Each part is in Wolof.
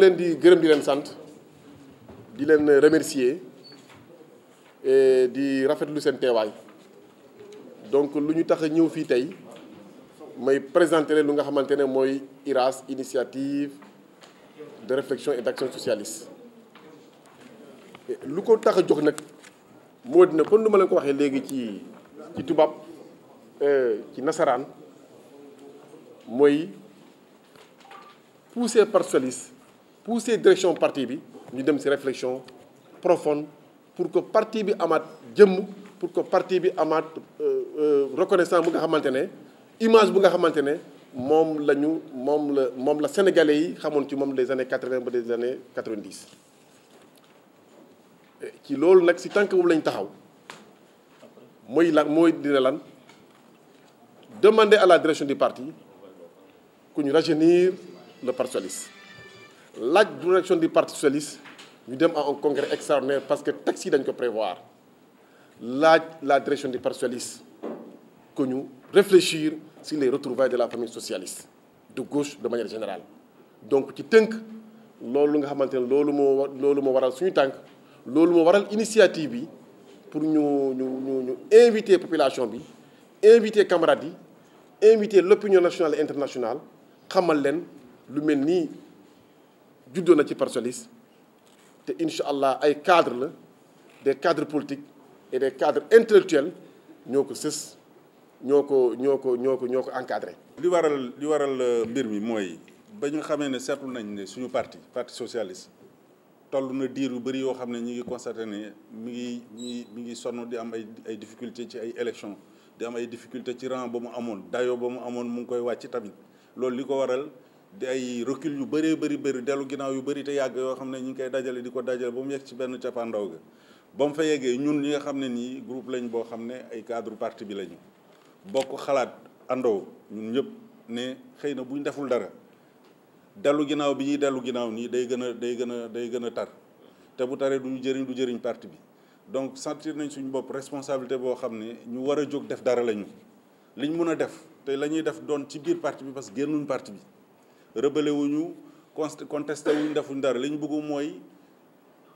leen di gërëm di leen sant di leen remercier et di rafetlu seen teewaay donc lu ñu tax ñëw fii tey may présenter leen lu nga xamante ne mooy IRAS initiative de réflexion et d'action socialiste lu ko tax a jox nag moo dina kon lu ma leen ko waxee léegi ci ci tubaab euh, ci nasaraan mooy poussé par pousser direction parti bi ñu dem si réflexion profonde pour que partie bi amaat jëmm pour que parti bi amaat euh, euh, reconnaissance bu nga xamante ne image bu nga xamante ne moom la ñu moom la moom la sénégalais yi xamoon ci moom les années quatre-vingt ba des années quatre-vingt-dix ci loolu nag ci tànk boobu lañ taxaw mooy lan mooy dina lan demander à la direction du parti ku ñu rajeunir le Parti laaj direction du parti socialiste ñu dem à un congrès extraordinaire parce que texte yi dañ ko prévoir laaj la direction du parti socialiste que ñu réfléchir sur les retrouvailles de la famille socialiste de gauche de manière générale donc ci tënk loolu nga xamante ne loolu moo loolu moo waral suñu tànk loolu moo waral initiative bi pour ñu ñu ñu ñu inviter population bi inviter camarades yi inviter l'opinion nationale et internationale xamal leen lu mel nii juddoo na ci parsolis te incha allah ay cadre la des cadres politiques et des cadres intellectuels ñoo ko sës ñoo ko ñoo ko ñoo ko ñoo ko encadré li waral li waral euh, mbir mi mooy ba ñu xamee ne seetlu nañ ne suñu parti parti socialiste toll na diir yu bëri yoo xam ne ñu ngi constaté ne mi ngi mi mi ngi sonn di am ay ay difficulté ci ay élection di am ay difficulté ci rang ba mu amoon dayo ba mu amoon mu ngi koy wàcce tamit loolu li ko waral di ay recul yu bëree bëri bëri dellu ginnaaw yu bëri te yàgg yoo xam ne ñu ngi koy dajale di ko dajale ba mu yegg ci benn cappaandaw ga ba mu fa yeggee ñun ñi nga xam ne nii groupe lañ boo xam ne ay cadre parti bi lañu bokk xalaat àndoo ñëpp ne xëy na buñ deful dara dellu ginnaaw bi dellu ginnaaw nii day gën a day gën a day gën a tar te bu taree du jëriñ du jëriñ parti bi donc sentir nañ suñu bopp responsabilité boo xam ne ñu war a jóg def dara lañu ñu mun a def te la ñuy def doon ci biir parti bi parce que génnuñ parti bi rebelle wuñu contesté wuñu defuñ dara li ñu bëgg mooy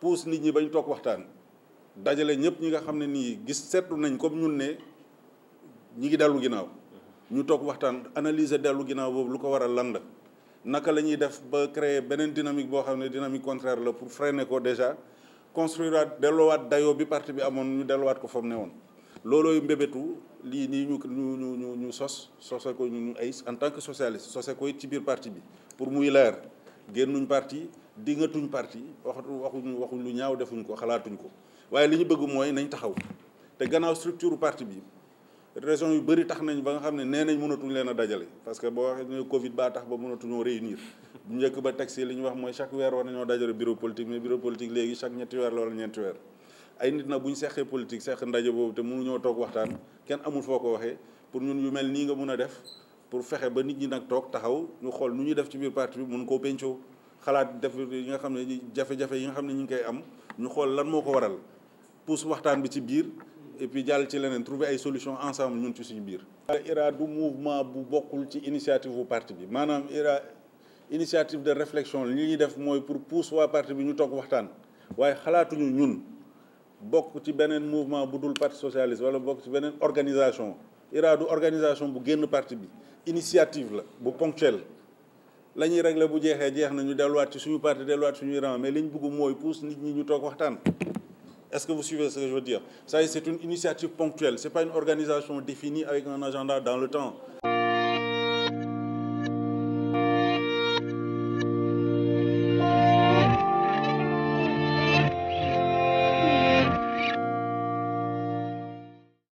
pousse nit ñi bañ toog waxtaan dajale ñëpp ñi nga xam ne nii gis seetlu nañ comme ñun ne ñi ngi dellu ginnaaw ñu toog waxtaan analyser dellu ginnaaw boobu lu ko waral lan la naka la ñuy def ba créer beneen dynamique boo xam ne dynamique contraire la pour freiner ko déjà construire waat delloowaat dayoo bi parti bi amoon ñu delloowaat ko fa mu ne woon loolooy mbébétu lii nii ñu ñu ñu ñu ñu sos sose ko ñu ay en tant que socialiste sose ko it ci biir parti bi pour muy leer génnuñ parti dingatuñ parti waxatu waxuñu waxuñ lu ñaaw defuñ ko xalaatuñ ko waaye li ñu bëgg mooy nañ taxaw te gannaaw structure parti bi raison yu bëri tax nañ ba nga xam ne nee nañ mënatuñ leen a dajale parce que boo waxee ne Covid baa tax ba mënatuñoo réunir bu njëkk ba taxi li ñu wax mooy chaque weer war nañoo dajale bureau politique weer la wala ñeenti ay nit na bu ñu seqee politique seq ndaje boobu te mënuñoo toog waxtaan kenn amul foo ko waxee pour ñun yu mel nii nga mun a def pour fexe ba nit ñi nag toog taxaw ñu xool nu ñuy def ci biir parti bi mun koo pencoo xalaat def yi nga xam ne jafe-jafe yi nga xam ne ñu ngi koy am ñu xool lan moo ko waral pousse waxtaan bi ci biir et puis jàll ci leneen trouver ay solution ensemble ñun ci suñu biir. IRA du mouvement bu bokkul ci initiative bu parti bi maanaam IRA initiative de réflexion li ñuy def mooy pour pousse waa parti bi ñu toog waxtaan waaye xalaatuñu ñun. bokk ci beneen mouvement bu dul parti socialiste wala bokk ci beneen organisation IRA du organisation bu génn parti bi initiative la bu ponctuelle la ñuy régler bu jeexee jeex nañu ñu delluwaat ci suñu parti delluwaat suñu IRA mais li ñu bëgg mooy pousse nit ñi ñu toog waxtaan. Est-ce que vous suivez ce que je veux dire? Ça, c'est une initiative ponctuelle, c'est pas une organisation définie avec un agenda dans le temps.